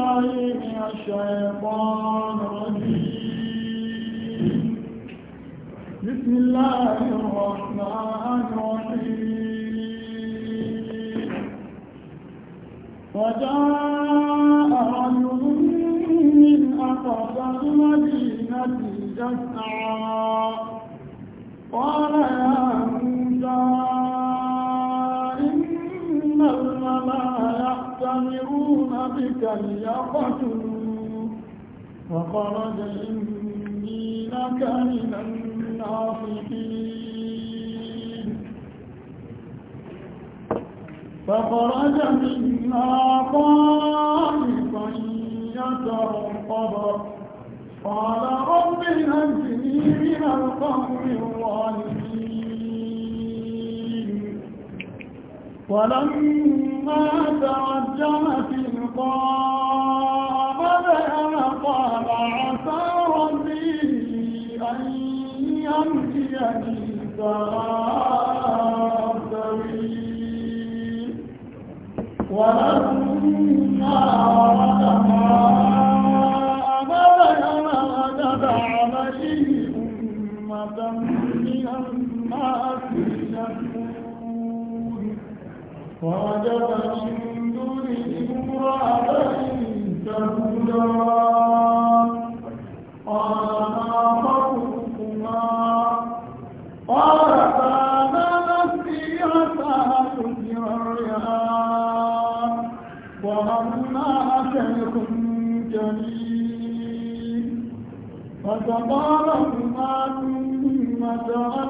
بالله من الشيطان الرجيم بسم الله الرحمن الرحيم وجاء رجل من أقصى المدينة يسعى قال يا يأتمرون بك ليقتلوك وخرج إني لك من الناصحين فخرج منها طالبا يترقب قال رب نجني من القوم الظالمين ولما ما ترجم تلقاء بدأ قال عسى ربي أن يمشيني سواء السبيل ورد ووجد من دونه امرأتين تهودان قال ما خطبكما قالتا ما نسقي حتى تثمر الرعاء وأنا جليل فتقالهما مما جعل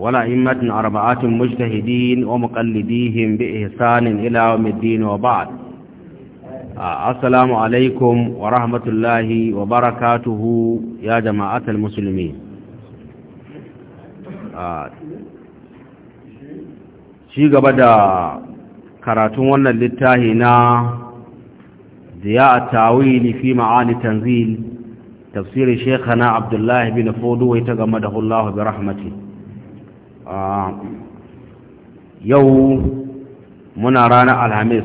ولأئمة أربعة مجتهدين ومقلديهم بإحسان إلى يوم الدين وبعد السلام عليكم ورحمة الله وبركاته يا جماعة المسلمين shi gaba da karatun wannan littafi na ziya a tawili fi ma'ani tanzil tafsirin shekhana abdullahi bin fodo wai ta game da hullahu bi rahmatin. yau muna ranar alhamis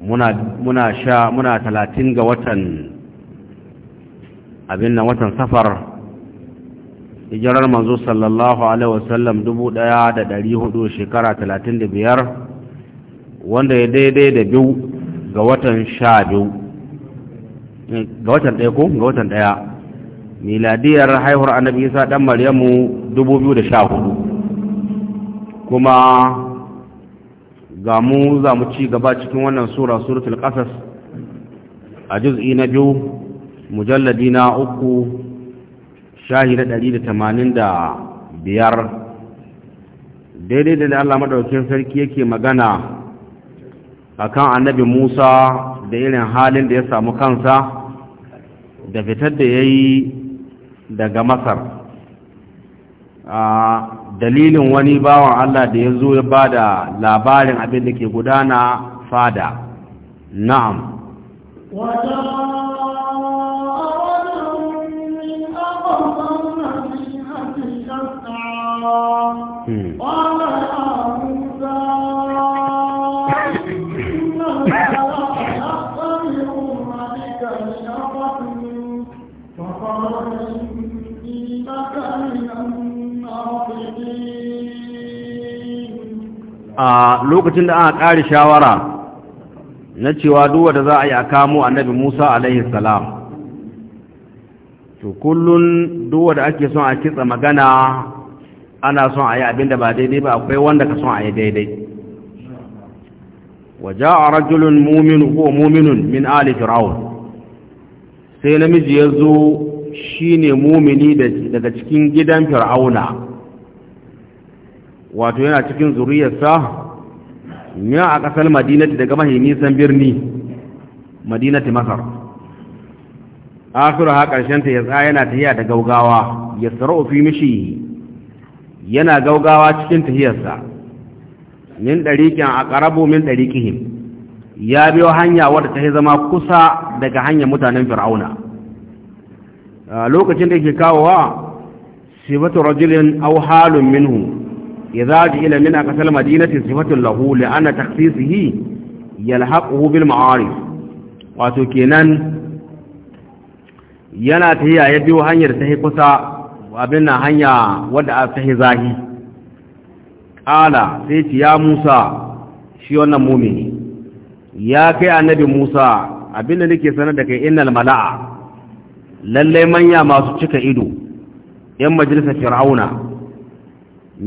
muna sha muna talatin ga watan abin nan watan safar hijirar manzo sallallahu alaihi wasallam dubu ɗaya da ɗari hudu shekara talatin da biyar wanda ya daidai da biyu ga watan sha biyu eh, ga watan ɗaya ko ga watan ɗaya miladiyar haihuwar annabi isa dan maryamu 2014 kuma ga mu za mu ci gaba cikin wannan sura suratul qasas a juz'i na biyu mujalladi na uku shahi na 185 daidai da Allah madaukakin sarki yake magana akan annabi Musa da irin halin da ya samu kansa da fitar da ya yi daga masar a dalilin wani bawan Allah da ya zo ya ba da labarin abin da ke gudana fada na'am قال hmm. a lokacin da aka ƙari shawara na cewa duwa da za a yi a kamo annabi musa alaihi salam to kullun duwa da ake son a kitsa magana ana son a yi abin ba daidai ba akwai wanda ka son a yi daidai waje a rajulun muminu ko muminun min ali fir'aun sai namiji ya zo shi mumini daga cikin gidan fir'auna wato yana cikin zuriyarsa ya a ƙasar madinati daga mahi nisan birni madinati masar Asura ha ta ya tsaya yana tahiya da gaugawa ya sarau fi mishi yana gaugawa cikin tahiyarsa min ɗariƙin a ƙarabo min ɗariƙihim ya biyo hanya wadda ta zama kusa daga hanyar mutanen fir'auna lokacin da ke kawowa sifatu rajulin au halun minhu إذا جئل من أقصى المدينة صفة له لأن تخصيصه يلحقه بالمعارف وتكينا yana ta yi a ya biyo hanyar ta kusa abin na hanya wadda a ta zahi ƙala sai ci ya musa shi wannan mumini ya kai annabi musa abinda nake sanar da kai innal mala'a lallai manya masu cika ido yan majalisar fir'auna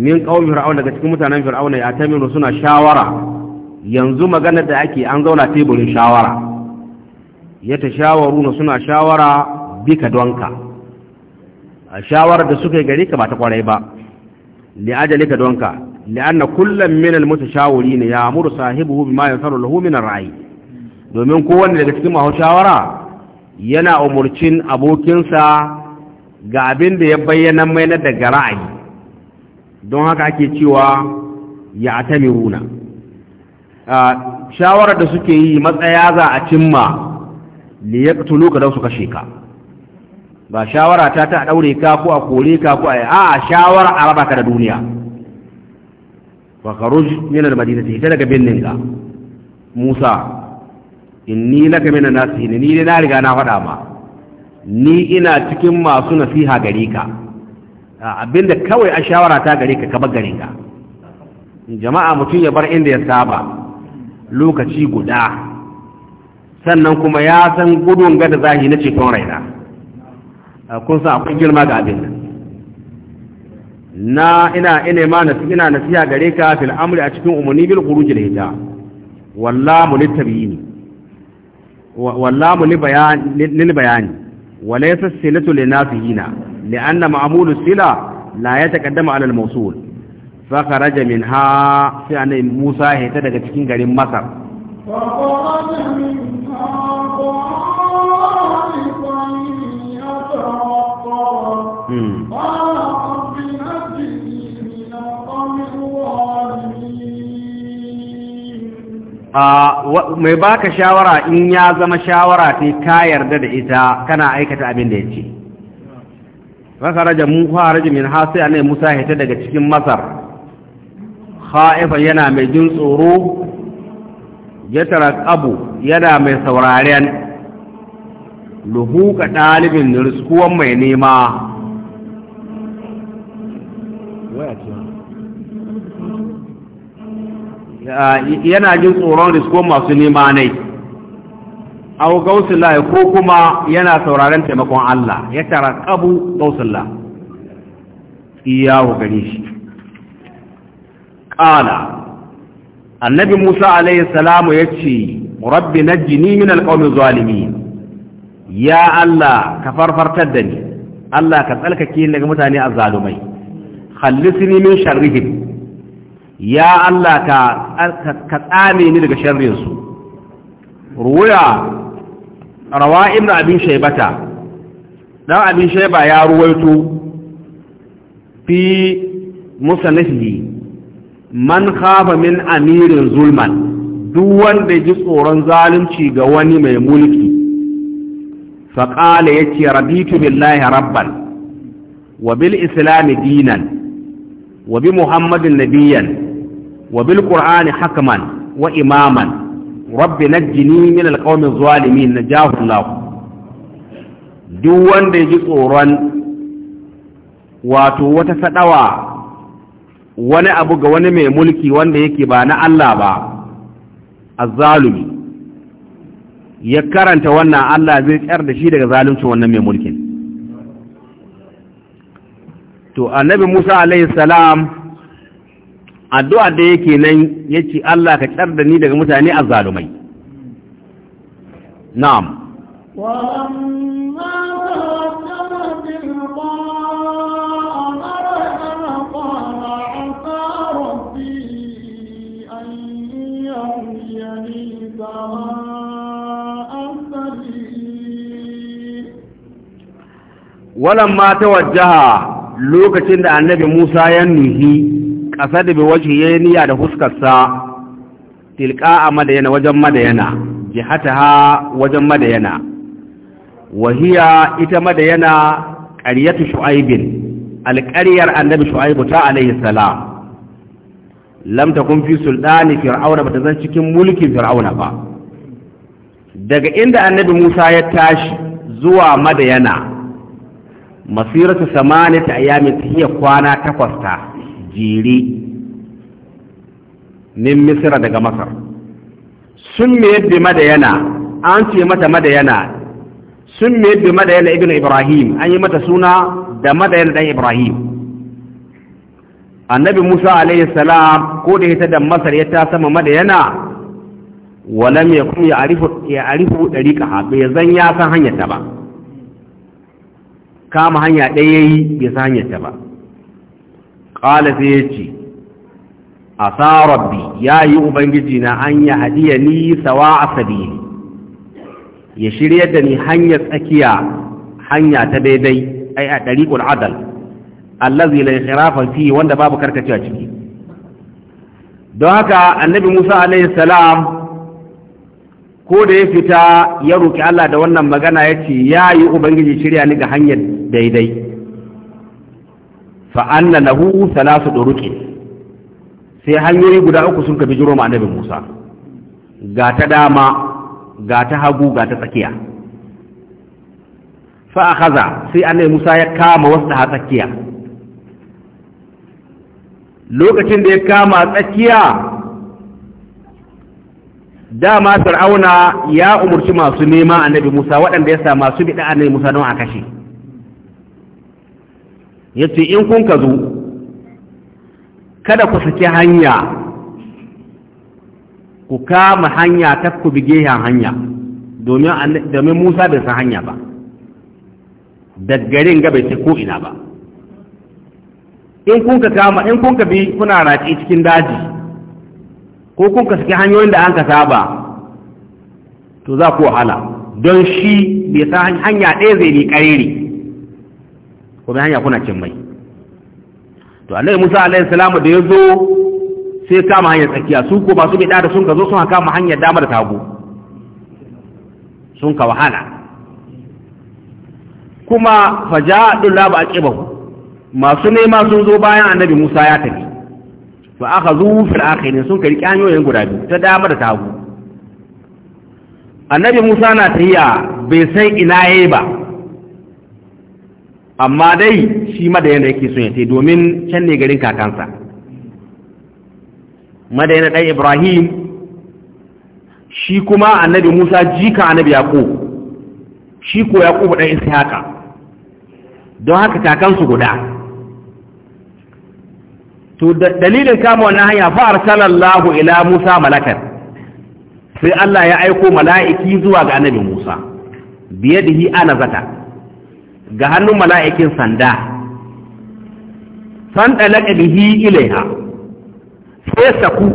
min qaumi fir'auna daga cikin mutanen fir'auna ya tamiru suna shawara yanzu magana da ake an zauna teburin shawara ya na suna shawara bika donka a shawarar da suka yi gare ka ba ta kwarai ba li ka donka na kullum min al-mutashawirin ya amuru sahibihi bima yansaru lahu min ar-ra'i domin kowanne daga cikin mahau shawara yana umurcin abokinsa ga abin da ya bayyana mai na daga ra'ayi don haka ake cewa ya atamiruna shawarar da suke yi matsaya za a cimma li yaqtulu ka su kashe ka ba shawara ta ta daure ka ko a kore ka ko a a shawara a raba ka da duniya fa kharuj min al madinati ta daga binnin ka Musa inni laka min an-nasihin ni ne na riga na faɗa ma ni ina cikin masu nasiha gare ka Ah, abinda kawai a shawara ta gare ka kaba garin ka jama'a mutum ya bar inda ya saba lokaci guda sannan kuma ya san gudun gada zahi na ceton raina ah, kun sa akwai girma ga abin na ina ina ma ina nasiha gare ka fil amri a cikin umarni bil khuruj hita wallahu litabiyini wallahu li bayani li bayani walaysa silatu linasihina لأن معمول السلة لا يتقدم على الموصول فخرج منها في يعني أن موسى هتدك تكين قريم مصر فخرج منها طائفا يترقب قال رب نجني من القوم mai baka shawara in ya zama shawara ta ka yarda da ita kana aikata abin da ya ce fakaraja mu faraji min ha sai annabi Musa hita daga cikin Masar khaifan yana mai jin tsoro ya abu yana mai sauraren ka dalibin riskuwan mai nema yana jin tsoron riskuwan masu nema ne aw gausullahi ko kuma yana sauraren taimakon Allah ya tara qabu gausullah iyawo gani shi qala annabi Musa alaihi salamu yace rabbi najjini min alqawmi zalimin ya Allah ka farfartar da ni Allah ka tsalkake ni daga mutane azzalumai khallisni min sharrihim ya Allah ka ka tsame ni daga sharrin su ruya rawa ibn abin shaibata dan abin shaiba ya ruwaito fi musannafihi man khafa min amirin zulman duk wanda ji tsoron zalunci ga wani mai mulki faƙala ya ce rabitu billahi rabban wa bil islami dinan wa bi muhammadin nabiyan wa bil qur'ani hakaman wa imaman rabbi jini min alqawmi zalimin na Allah duk wanda ya ji tsoron wato wata sadawa wani abu ga wani mai mulki wanda yake ba na Allah ba azzalumi ya karanta wannan Allah zai tsar da shi daga zalunci wannan mai mulkin to annabi Musa alaihi salam addu'a da yake nan yace Allah ka tsar da ni daga mutane azzalumai na'am walan ma ta wajaha lokacin da annabi Musa ya nuhi ƙasa da bi waje ya niyya da huskarsa tilka a madayana wajen madayana jihata ha wajen madayana wahiya ita madayana ƙaryatu shu'aibin alƙaryar annabi shu'aibu ta alaihi salam lam takun fi sultani fir'auna bata zan cikin mulkin fir'auna ba daga inda annabi Musa ya tashi zuwa madayana masiratu samaniyata ayamin hiya kwana takwas ta Jiri ne misira daga masar sun me yadda madayana an ce mata madayana sun me yadda madayana ibn ibrahim an yi mata suna da madayana dan ibrahim annabi musa alayhi salam ko da ita da masar ya ta sama madayana wala ya kuma ya arifu ya arifu dariqa bai zan ya san hanyar ta ba kama hanya ɗaya yi bai san hanyar ta ba qala sai yace asa rabbi yayi ubangiji na an ya hadiya ni ya shiryar da ni hanyar tsakiya hanya ta daidai ai a dariqul adal allazi la inhirafa fi wanda babu karkacewa ciki don haka annabi Musa alaihi salam ko da ya fita ya roƙi Allah da wannan magana ya ce ya yi Ubangiji shirya ni ga hanyar daidai fa anna lahu salasu duruqi sai hanyoyi guda uku sun ka bijiro ma annabi Musa ga ta dama ga ta hagu ga ta tsakiya fa akhadha sai annabi Musa ya kama wasu ha tsakiya lokacin da ya kama tsakiya dama fir'auna ya umurci masu nema annabi Musa waɗanda ya sa masu bid'a annabi Musa don a kashe ya ce in kun ka zo kada ku saki hanya ku kama hanya ta ku bige hanya domin musa bai san hanya ba daggarin ga bai ce ko ina ba in kun ka kama in kun ka bi kuna raci cikin daji ko kun ka saki hanyoyin da an ka saba to za ku wahala don shi bai san hanya ɗaya zai ni ƙarere ko mai hanya kuna cin mai to annabi Musa alayhi salamu da yazo sai kama hanyar tsakiya su ko masu bi da sun ka zo sun kama hanyar dama da tagu sun ka wahala kuma faja'u la ba aqibahu masu nema sun zo bayan annabi Musa ya tafi fa akhadhu fil akhirin sun karki hanyoyin guda biyu ta dama da tagu annabi Musa na tafiya bai san ina yayi ba amma dai shi madayana yake son ya ce domin can ne garin kakansa madayana ɗan ibrahim shi kuma annabi musa jika annabi yaƙo shi ko yaƙo ɗan ishaƙa don haka kakansu guda to dalilin kama wannan hanya fa arsalallahu ila musa malakan sai Allah ya aiko mala'iki zuwa ga annabi musa biyadihi ana zata ga hannun mala'ikin sanda san ɗalaƙa bihi ilaiha sai saku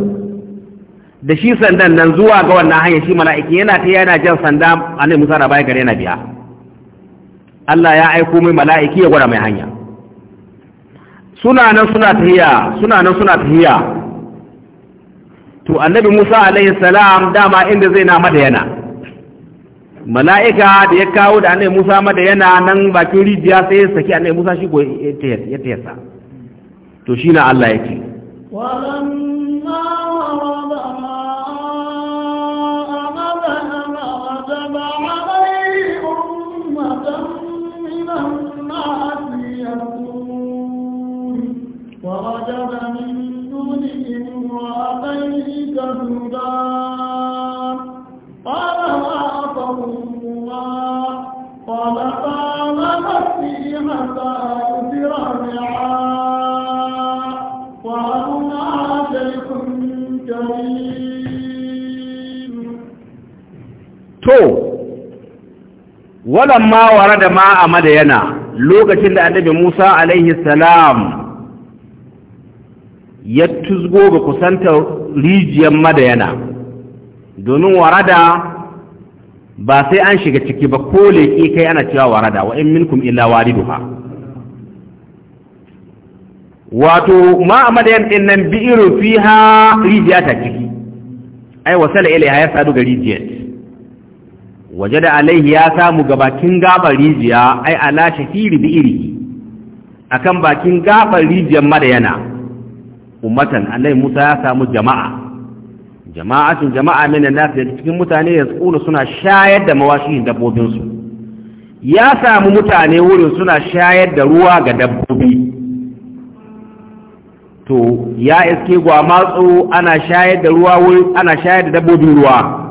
da shi sandan nan zuwa ga wannan hanyar shi mala'iki yana ta yana jan sanda a nai musara baya gare na biya Allah ya aiko mai mala'iki ya gwada mai hanya suna nan suna tahiya suna nan suna tahiya to annabi musa alaihi salam dama inda zai na mada yana mala'ika da ya kawo da annai musa mada yana nan bakin rijiya sai ya saki annai musa shi ko ya to shi na allah yake walan ma wara da ma a madayana lokacin da annabi musa alaihi salam ya tuzgo ga kusantar rijiyar madayana domin warada ba sai an shiga ciki ba ko leƙi kai ana cewa warada wa in minkum illa wariduha wato ma a madayan ɗin nan bi irin fiha rijiya ta ciki ai wasala ilaiha ya sadu ga rijiyar waje da alaihi ya samu ga bakin gabar rijiya ai ala shafiri bi iri akan bakin gabar rijiyar madayana ummatan alai Musa ya samu jama'a jama'atun jama'a minan nas da cikin mutane ya tsulu suna shayar da mawashin dabbobin su ya samu mutane wurin suna shayar da ruwa ga dabbobi to ya iske gwa matsu ana shayar da ruwa ana shayar da dabbobin ruwa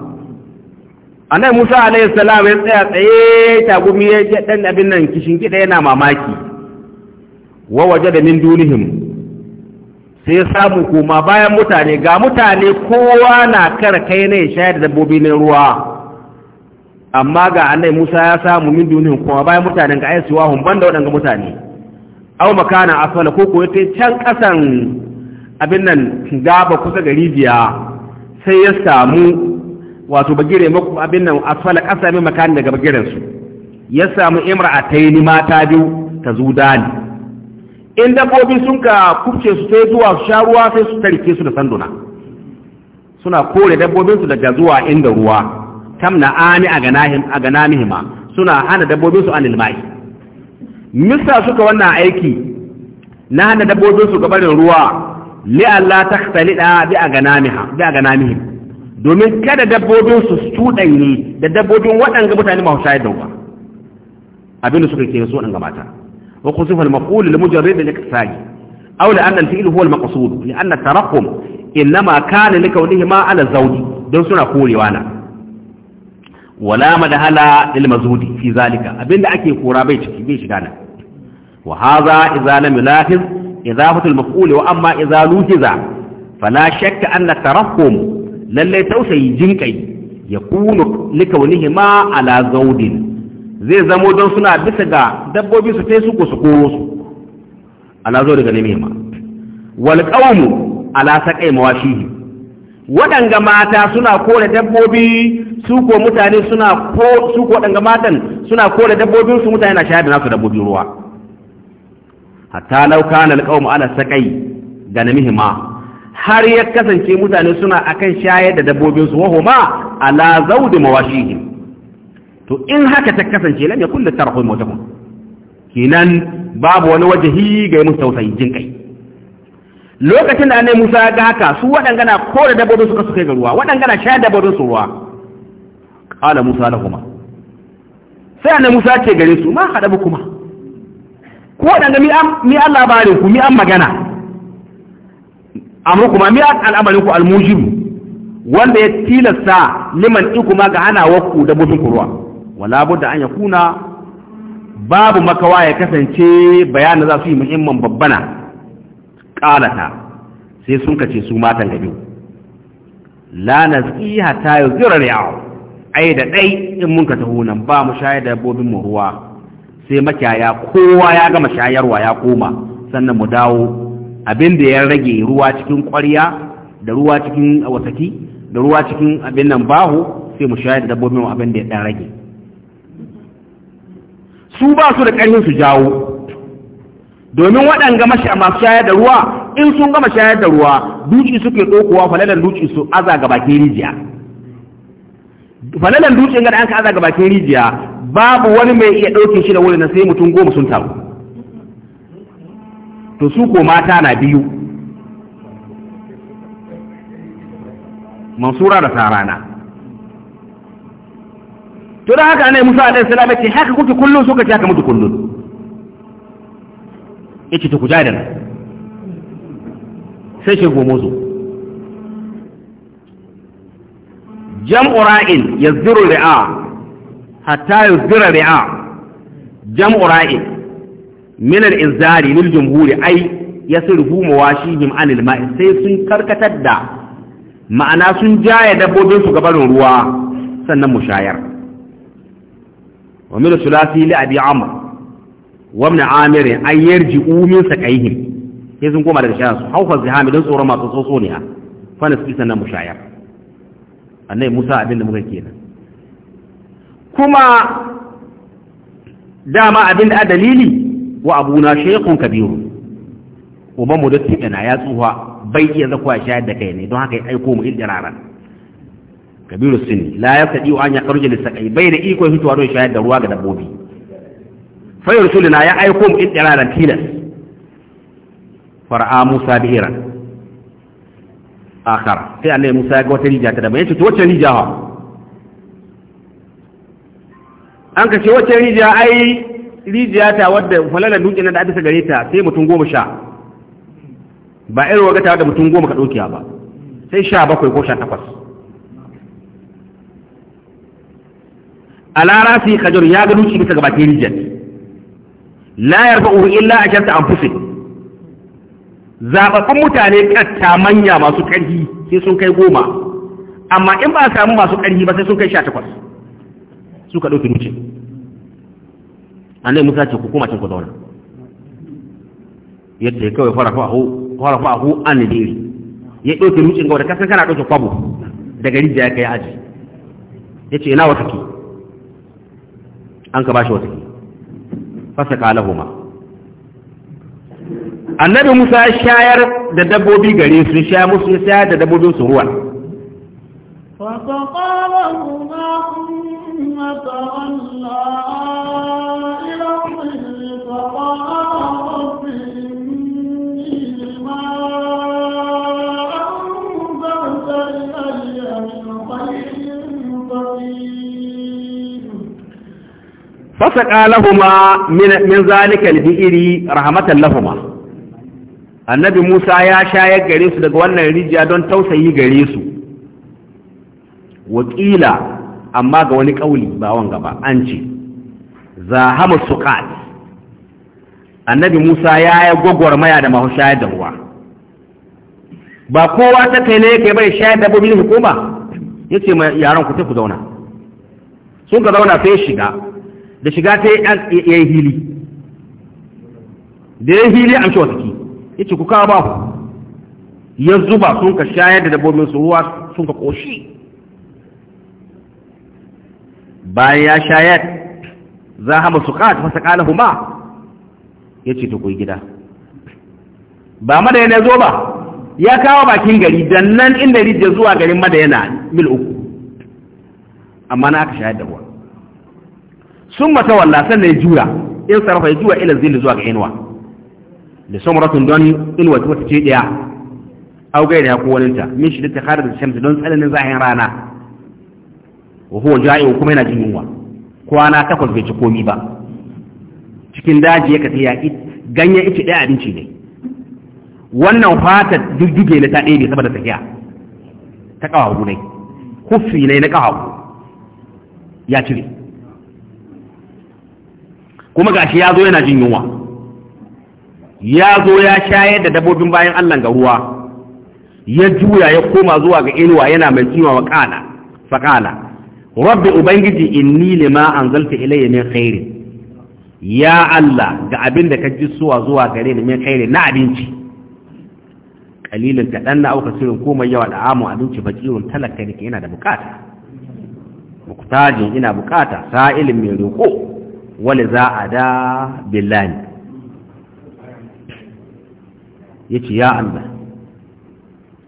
annabi Musa alayhi salam ya tsaya tsaye tagumi ya ji dan abin nan kishin kida yana mamaki wa da min dunihim sai samu koma bayan mutane ga mutane kowa na kara kai ne shayar da dabbobi na ruwa amma ga annai Musa ya samu min dunihim kuma bayan mutanen ga ayyuwa hun banda waɗanda mutane aw makana asfala ko ko yace can kasan abin nan gaba kusa ga rijiya sai ya samu wato bagire maku abin nan asfala kasa sami makani daga bagiren su ya samu imra'ataini mata biyu ta zudani in dabbobi sun ka kubce su sai zuwa su sha ruwa sai su tarike su da sanduna suna kore dabbobin su daga zuwa inda ruwa tamna ani a ganahim a ganamihima suna hana dabbobin su anil mai misa suka wannan aiki na hana dabbobin su gabarin ruwa li Allah takhtalida bi aganamiha bi aganamihim domin kada dabbobin su cuɗanye da dabbobin waɗanga mutane ba shayar da ba abin da suka ke su waɗanga mata wa kusufa al-maqul al-mujarrid al-iqtisadi aw la anna al-fi'l huwa al-maqsud li anna taraqum inma kana likawnihi ma ala zawji don suna korewa na wala madhala lil mazudi fi zalika abinda ake kora bai ciki bai shiga nan wa hadha idza lam yulahiz idafatu al-maf'ul wa amma idza luhiza fala shakka anna taraqum lallai tausayi jinkai ya kunu likaunihi ma ala zaudin zai zamo don suna bisa ga dabbobi su tai su ko su koro su ala zaudin ga nemi ma wal qawmu ala saqai mawashihi waɗanga mata suna kore dabbobi su ko mutane suna ko su ko waɗanga matan suna kore dabbobin su mutane na shayar da nasu dabbobi ruwa hatta law kana al qawmu ala saqai hima. har ya kasance mutane suna akan shayar da dabbobinsu wahuma ala zaudi mawashihi to in haka ta kasance lam yakun da tarhu mawtahum kinan babu wani wajahi ga mun tausayi jin kai lokacin da annabi Musa ga haka su wadangana ko da dabbobin suka suka ga ruwa wadangana shayar da dabbobin su ruwa qala Musa lahum sai annabi Musa ce gare su ma hadabu kuma ko wadanga mi mi Allah bare ku mi an magana amurku ma miya al'amarin ku wanda ya tilasta liman ikuma ga wakku da mutun kurwa wala budda an yakuna babu makawa ya kasance bayanan za su yi muhimman babbana qalata sai sun kace su matan gabe la naziha ta yuzira ri'au ai da dai in mun ka taho nan ba mu shayar da dabbobin mu ruwa sai makiyaya kowa ya gama shayarwa ya koma sannan mu dawo abin da ya rage ruwa cikin kwarya, da ruwa cikin wasaki da ruwa cikin abin nan baho sai mu shayar da dabbobin abin da ya ɗan rage su ba su da ƙarfin su jawo domin waɗanga masu shayar da ruwa in sun gama shayar da ruwa duci suke ɗokowa falalan duci su aza ga bakin rijiya falalan duci ga da an ka aza ga bakin rijiya babu wani mai iya ɗauke shi da wurin sai mutum goma sun taru to su ko mata na biyu mansura da sarana to da haka ne Musa alaihi salam yace haka kuke kullun suka ci haka mutu kullun yace to ku ja da nan sai shi gomozo jam'u ra'in yazdiru ri'a hatta yazdira ri'a jam'u ra'in min al-inzari lil jumhuri ai yasrifu mawashihim anil ma'i sai sun karkatar da ma'ana sun jaya dabbobin su gabarin ruwa sannan mushayar wa min sulasi li abi amr wa min amir an yarji'u min saqaihim sai sun koma daga shayar su haufa zihami don tsoron masu tsotsoniya fa nasu sannan mushayar annai musa abin da muka kenan kuma dama abin da a dalili wa abuna shaykhun kabiru uban mu datti kana ya tsuha bai iya zakwa shayar da kai ne don haka ya aiko mu iljararan kabiru sinni la ya yaftadi an ya da sakai bai da iko fitowa don shayar da ruwa ga dabbobi fa na ya aiko mu iljararan tilas far'a musa bihiran akhar sai annabi musa ga wata rija ta da bai ce to wacce rija ha an kace ce wacce rija ai rijiya ta wadda falalar dutse na da aka gare ta sai mutum goma sha ba irin waga ta wadda mutum goma ka dokiya ba sai sha bakwai ko sha takwas a larasi kajar ya ga dutse bisa gabatin rijiyar la yarfa uhu illa a shanta an fuse zaɓaɓɓun mutane ƙatta manya masu ƙarfi sai sun kai goma amma in ba a samu masu ƙarfi ba sai sun kai sha takwas suka ɗauki dutse annai musa ce ku kuma cin ku zauna yadda ya kawai fara fa hu an diri ya ɗauke lucin gaba da kasan kana ɗauke kwabo daga rijiya ya kai aji ya ce ina wata ke an ka bashi wata ke fasa kala homa annabi musa ya shayar da dabbobi gare su sha musu ya shayar da dabbobin su ruwa فسقى لهما ثم تولى fasaka lahuma min zalika al-bi'ri rahmatan lahuma annabi Musa ya shayar gare su daga wannan rijiya don tausayi gare su wakila amma ga wani kauli ba wanga ba an ce zahama suqat annabi Musa ya yi gwagwarmaya da mahu shayar da ruwa ba kowa ta kai ne yake bai shayar da bobin hukuma yace ma yaran ku ta ku zauna sun ka zauna sai shiga da shiga ta yi hili da ya hili an shi ki, ya ce ku kawo ba ku ya zuba sun ka shayar da dabbobin su ruwa sun ka koshi bayan ya shayar za a hama su kata fasa ƙalahu ba? ya ce ta gida ba ya zo ba ya kawo bakin gari dan nan inda rijiya zuwa garin madayana mil uku amma na aka shayar da ruwa sun mata walla sannan ya jura in sarrafa ya juwa ila zili zuwa ga inuwa da samuratun don inuwa wata ce ɗaya au da ya kowaninta min shi da ta kare da shamsu don tsananin zahin rana wa huwa ja'i kuma yana jin yunwa kwana takwas bai ci komi ba cikin daji ya kasa yaƙi ganyen ita ɗaya abinci ne wannan fatar diddige na ta ɗebe saboda tafiya ta ƙawagu ne kufi ne na ƙawagu ya cire kuma ga shi ya zo yana jin yunwa ya zo ya shayar da dabbobin bayan Allah ga ruwa ya juya ya koma zuwa ga inuwa yana mai kima wa kana faqala rabbi ubangiji inni lima anzalta ilayya min khairin ya Allah ga abin da ka ji suwa zuwa gare ni min khairin na abinci kalilin kaɗan na auka sirin komai yawa da amu abinci bakirun talaka ne yana da bukata muktajin ina bukata sa'ilin mai roƙo wani za a da billani ya ce ya Allah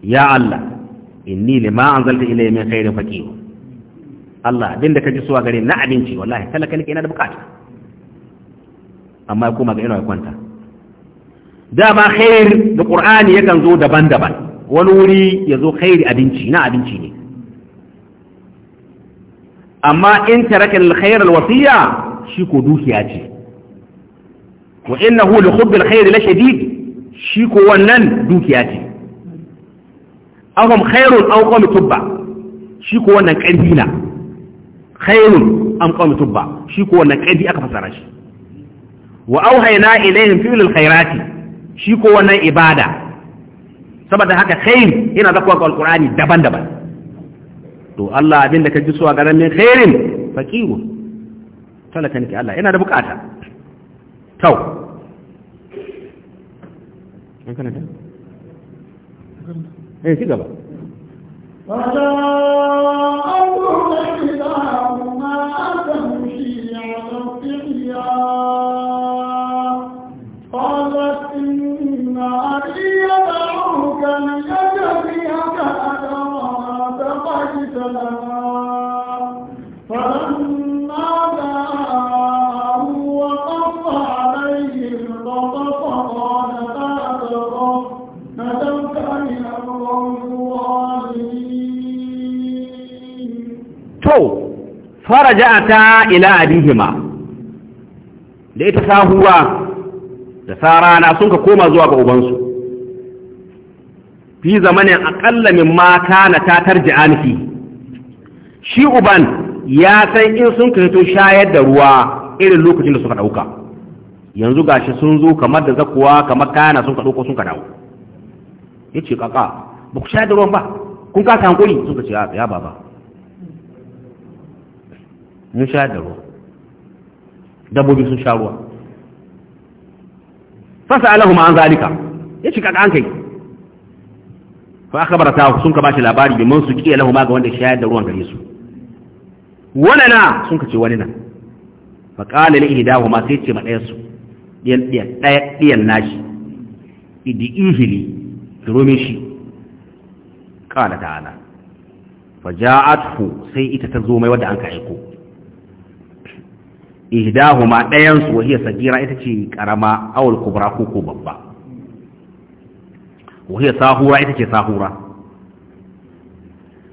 ya Allah inni an zalta faƙi Allah abinda ka ji suwa gare na abinci wallahi talaka nake yana da bukata amma ya koma ga ina kwanta dama khair da qur'ani yakan zo daban-daban wani wuri ya zo khairi abinci na abinci ne amma in taraka al-khair al-wasiya shi ko dukiya ce wa innahu li hubbil khair la shadid shi ko wannan dukiya ce ahum khairun aw qawmi tubba shi ko wannan karfi na khairun am qawmi tubba shi ko wannan karfi aka fasara shi wa auhayna ilayhim fi'lul khairati shi ko wannan ibada saboda haka khair yana zakwa ga alqur'ani daban-daban to Allah abinda kaji ji so a garin min khairin faqiru talaka nake Allah ina da bukata tau an kana da eh ci gaba wala Allah faraja'ata ila abihima da ita sahuwa da sarana sun ka koma zuwa ga ubansu fi zamanin akalla min mata na tatar ji'anfi shi uban ya san in sun ka hito shayar da ruwa irin lokacin da suka ɗauka yanzu gashi sun zo kamar da zakuwa kamar kana sun ka ɗauka sun ka dawo ya ce kaka ba ku shayar da ruwan ba kun kasa hankuri sun ka ce ya baba mun sha da ruwa dabbobi sun sha ruwa fasa alahu ma'an zalika ya shi kaka an kai fa aka barata sun ka bashi labari bi man su kike alahu ma ga wanda shayar da ruwan gare su wani na sun ka ce wani na fa qala li ihdahu ma sai ce ma ɗayan su ɗiyan ɗiyan ɗiyan nashi idi ihili turumin shi qala ta'ala fa ja'athu sai ita ta zo mai wanda an ka aiko ihdahuma ɗayan su wahiya sagira ita ce karama awal kubra ko ko babba wahiya sahura ita ce sahura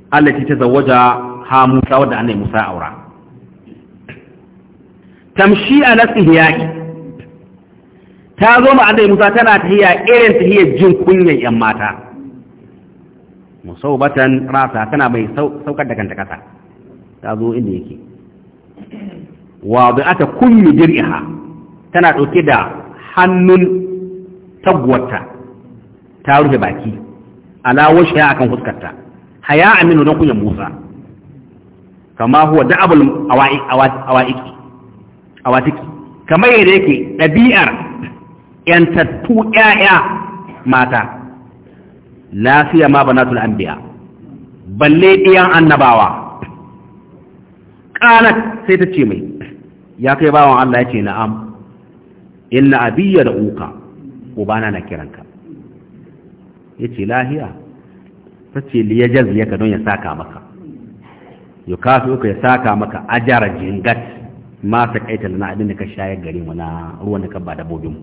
Allah ce ta zawaja ha Musa wadda annai Musa aura tamshi a nasihiyaki ta zo ma annai Musa tana tahiya irin tahiyar jin kunyan yan mata musawbatan rasa tana mai saukar da kanta kasa ta zo inda yake wa ata kulli jir'iha tana dauke da hannun tagwata ta rufe baki ala wajhiha akan fuskarta haya aminu don kunya Musa kama huwa da'abul awaiki awatiki kamar yadda yake ɗabi'ar yantattu 'ya'ya. mata lafiya ma banatul anbiya balle ɗiyan annabawa ƙalat sai ta ce mai ya kai bawan Allah ya ce na'am inna abiyya da uka ubana na kiranka ya ce lahiya ta ce liya don ya saka maka ya kafi uka ya saka maka ajara jingat ma ta kaita na abin da ka shayar gari mu na ruwan da ka ba dabobin mu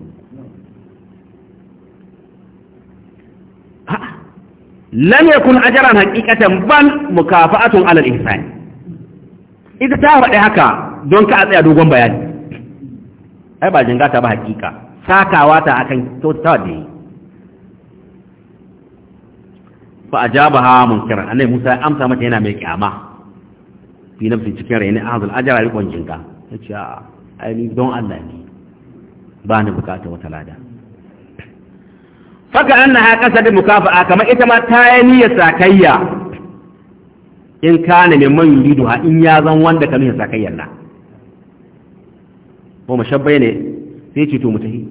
lam yakun ajaran haqiqatan ban mukafa'atun alal ihsan ita ta faɗi haka don ka a tsaya dogon bayani ai ba jinga ta ba hakika sakawa ta akan ta da yi fa ajaba ha munkira annabi Musa ya amsa mata yana mai kyama fi nafsin cikin rayuwar ahzul ajra rikon jinka yace a ai ni don Allah ne ba ni bukata wata lada faka annaha qasad mukafa'a kamar ita ma ta yi niyyar sakayya in kana mai man yuridu ha in ya zan wanda ka nuna sakayyar na ba mashabbai ne sai ce to tafi,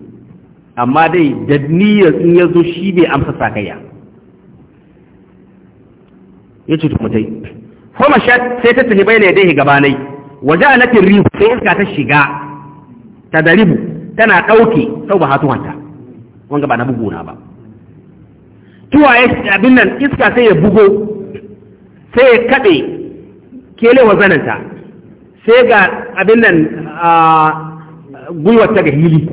amma dai da niyyar in ya zo shi bai amsa sakayya ya ce to mutahi fa mashat sai ta tafi bai ne dai gabanai waje a natin rihu sai iska ta shiga ta daribu tana ɗauke sau ba hatuwanta wanga ba na na ba tuwa ya abin nan iska sai ya bugo sai ya kaɗe kelewa zananta sai ga abin nan ah, gwiwar ta da hili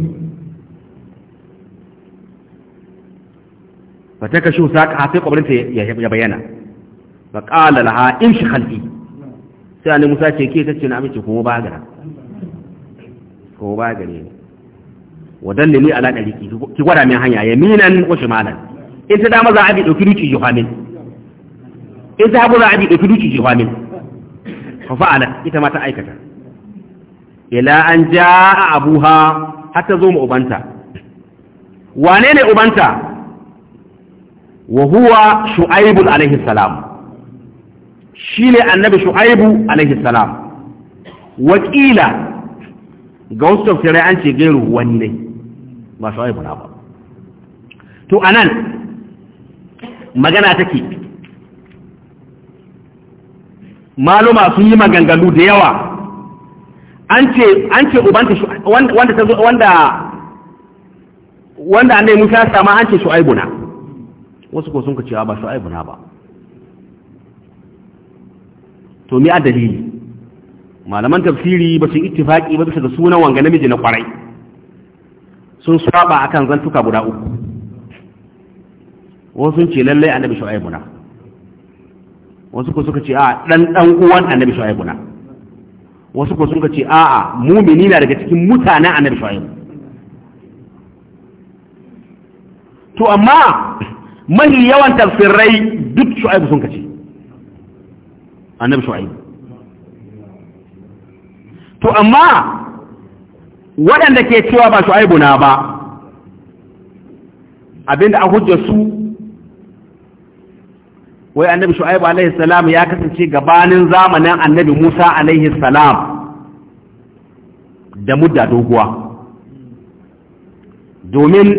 ba ta kashe sa ka sai kwabarinta ya bayyana ba ƙala laha in shi halki sai annabi musa ce ke ta ce na amince ko ba gara ko ba gare ni wa ni ala dariki ki gwada min hanya yaminan wa shimalan in ta dama za a bi dauki duci jihamin in ta hagu za a bi dauki duci jihamin fa fa'ala ita ma ta aikata ila an ja'a abuha hatta zo mu ubanta wane ne ubanta wa huwa shu'aib alaihi salam shine annabi shu'aib alaihi salam wakila ga wasu an ce gairu wani ne ba shu'aib na ba to anan magana take maluma sun yi maganganu da yawa an ce an ce ubanta wanda ta zo wanda wanda annabi musa ya sama an ce shu'aibu na wasu ko sun ka cewa ba shu'aibu na ba to me a malaman tafsiri ba su ittifaki ba bisa ga sunan wanga namiji na kwarai sun saba akan zantuka guda uku wasu sun ce lallai annabi shu'aibu na wasu ko suka ce a dan dan uwan annabi shu'aibu na wasu ko sun ka ce a'a mumini na daga cikin a annabi shu'aib to amma mahi yawan tafsirai duk Shu'aibu sun ka ce annabi Shu'aibu to amma waɗanda ke cewa ba shu'aibu na ba abinda a hujjar su wai annabi shu'aibu alaihi salam ya kasance gabanin zamanin annabi musa alaihi salam da mudda doguwa domin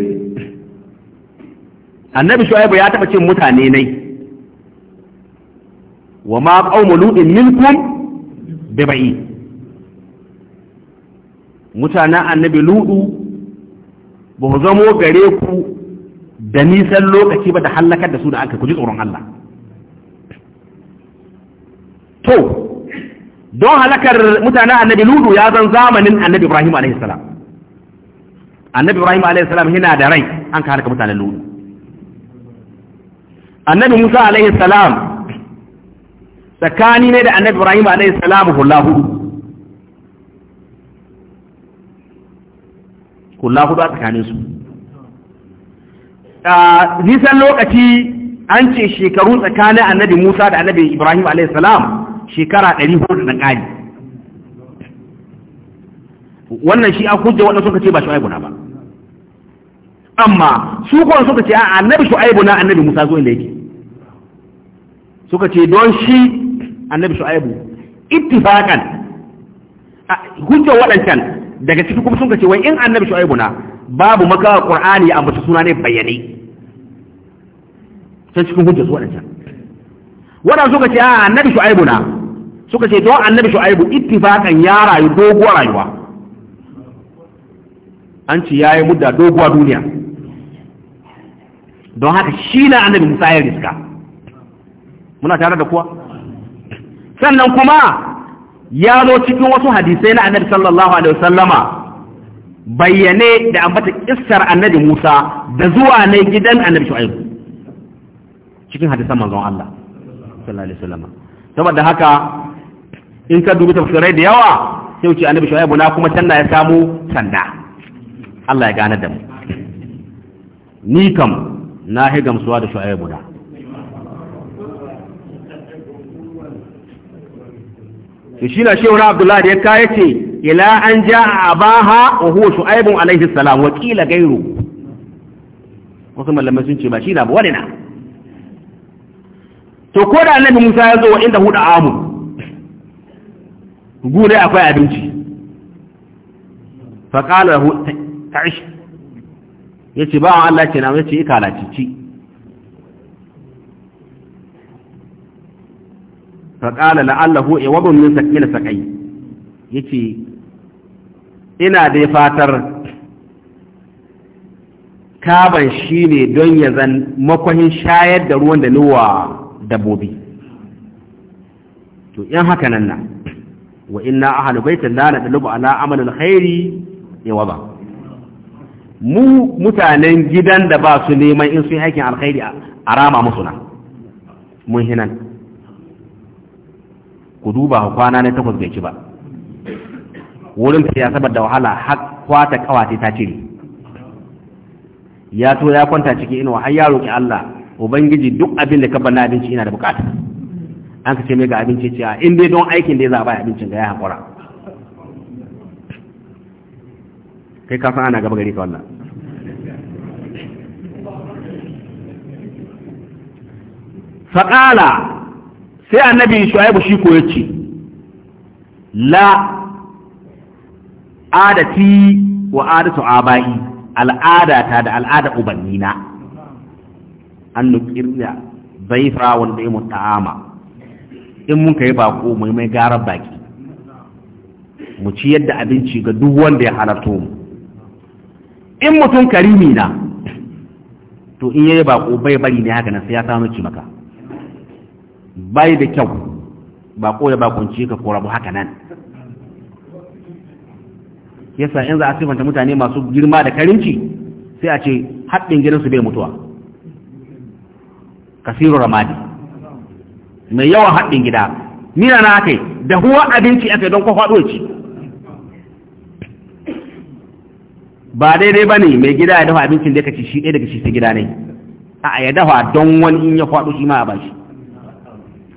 annabi shu'aibu ya taɓa cin mutane nai wa ma qaumu lu'in minkum biba'i? ba'i mutanen annabi lu'u ba zamo gare ku da nisan lokaci ba da hallakar da su da aka kuji tsoron Allah to don halakar mutanen annabi ludu ya zan zamanin annabi ibrahim alaihi salam annabi ibrahim alaihi salam yana da rai an ka halaka mutanen ludu annabi musa alaihi salam tsakani ne da annabi ibrahim alaihi salam hula hudu hula hudu a tsakaninsu nisan lokaci an ce shekaru tsakanin annabi Musa da annabi Ibrahim salam. shekara 400 da ƙari wannan shi a kujja wannan suka ce ba shu'aibu na ba amma su kuma suka ce a annabi shu'aibu na annabi musa zo inda yake suka ce don shi annabi shu'aibu ittifaqan hujja waɗancan daga ciki kuma sun ka ce wai in annabi shu'aibu na babu maka qur'ani ya ambata suna ne bayyane sai cikin hujja su wadancan wadan suka ce a annabi shu'aibu na suka ce don annabi shu'aibu ittifaqan ya rayu doguwa rayuwa an ce yi mudda doguwa duniya don haka shi na annabi Musa ya riska muna tare da kuwa sannan kuma ya zo cikin wasu hadisai na annabi sallallahu alaihi wasallama bayyane da ambata kissar annabi Musa da zuwa ne gidan annabi Shu'aibu cikin hadisan manzon Allah sallallahu alaihi wasallama saboda haka in ka dubi tafsirai da yawa sai wuce annabi shu'aibu na kuma sanna ya samu sanda Allah ya gane da mu ni kam na hi gamsuwa da shu'aibu na to shi na shehu Abdullah da ya kaya ce ila an ja'a abaha wa huwa Shu'aibu alaihi salam wa qila gairu wasu malamai sun ce ba shi na ba wani na to ko da annabi Musa ya zo wa inda huda amu gure akwai abinci faƙalar ta'ish ya ce ba wa Allah ce na ya ce ika lacici faƙalar la'allahu ya wabin min sakmina sakai ya ce ina dai fatar kaban shi ne don ya zan makwahin shayar da ruwan da nuwa dabobi to in haka nan na wa inna ahlu baitin la nadlubu ala amalin khairi ya wada mu mutanen gidan da ba su neman in sun aikin alkhairi a rama musu na mun hinan ku duba kwana ne takwas bai ci ba wurin ta ya saboda wahala har kwata kawate ta cire ya to ya kwanta cikin inuwa har ya roki Allah ubangiji duk abin da ka bana abinci ina da bukata an ka ce mai ga abinci ciya ah, in dai don aikin da ya zaɓa abincin da ya haƙura kai ka san ana gaba gari ka wannan faƙala sai annabi shu'aibu shi ko yace la adati wa adatu abai ta da al'ada ubannina an nukirya zaifa wanda ya muta'ama in mun kai bako mu mai gara baki mu ci yadda abinci ga duk wanda ya halarto mu in mutum karimi na to in yayi baƙo bai bari ne haka nan sai ya samu ci maka bai da kyau bako ya bakunci ka korabu haka nan yasa in za a sifanta mutane masu girma da karinci sai a ce haɗin gidansu bai mutuwa kasiru ramadi mai yawan haɗin gida mina na kai da huwa abinci aka don kwa faɗo ci ba daidai ba ne mai gida ya dafa abincin da ya kaci shi ɗaya daga shi gida ne a ya dafa don wani in ya faɗo shi ma a bashi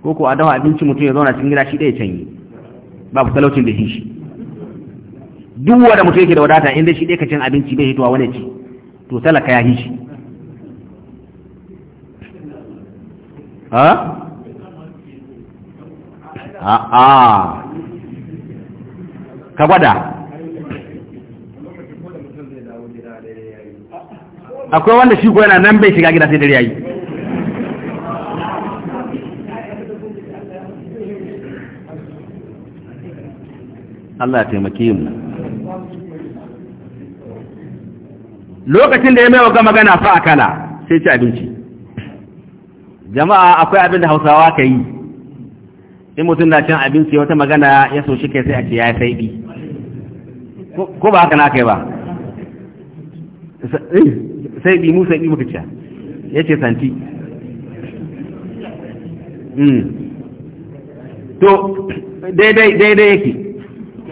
ko ko a dafa abinci mutum ya zauna cikin gida shi ɗaya can yi babu talaucin da shi duk wanda mutum yake da wadata inda shi ɗaya ka cin abinci bai hitowa wani ci to talaka ya hishi ha a'a ka gwada akwai wanda shi kuwa nan bai shiga gida sai dare yayi Allah ya taimake mu lokacin da ya mai wa magana fa akala sai ci abinci jama'a akwai abin da Hausawa ka yi in mutum na cin abinci wata magana ya so shi kai sai a ce ya sai bi ko ba haka na kai ba eh, sai bi mu sai bi muka ci ya ce santi hmm. to daidai daidai yake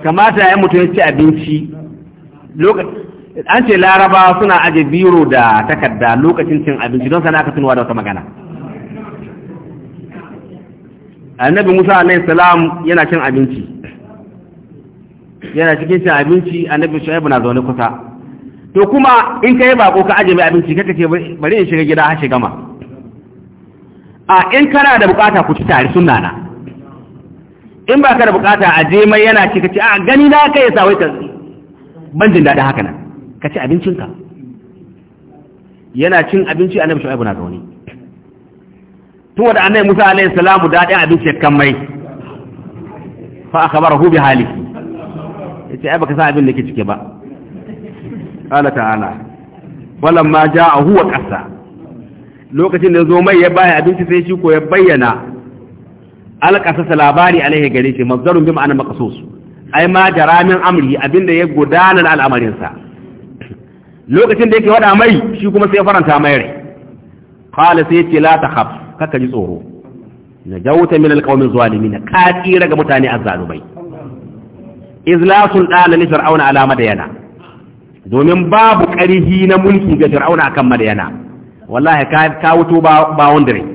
kamata ya mutum ya ci abinci an ce laraba suna aje biro da takarda lokacin cin abinci don sana aka tunuwa da wata magana annabi musa alaihi salam yana cin abinci yana cikin cin abinci annabi shu'aibu na zaune kusa to kuma in kai bako ka aje mai abinci kaka ce bari in shiga gida har shiga ma a in kana da bukata ku ci tare sunna na in ba ka da bukata a je mai yana ci kace a gani na kai sa wai ka ban jin dadin haka nan ka ci abincinka yana cin abinci annabi shu'aibu na zaune tun wadda annai Musa alayhi salamu dadin abin kan mai fa akhbarahu bi hali yace ai baka san abin da ke cike ba qala ta'ala walamma a huwa ƙasa. lokacin da zo mai ya baya abinci sai shi ko ya bayyana alƙasasa labari alaihi gare shi mazdarun bi ma'ana maqsus ai ma jaramin amri abinda ya gudana na al'amarin sa lokacin da yake wada mai shi kuma sai ya faranta mai rai qala sai yace la takhaf kaka ji tsoro na jawuta min zuwa zalimin ka tsira ga mutane a azzalumai izlasul dana li fir'auna ala madayana domin babu ƙarhi na mulki ga fir'auna akan madayana wallahi ka ka wuto ba ba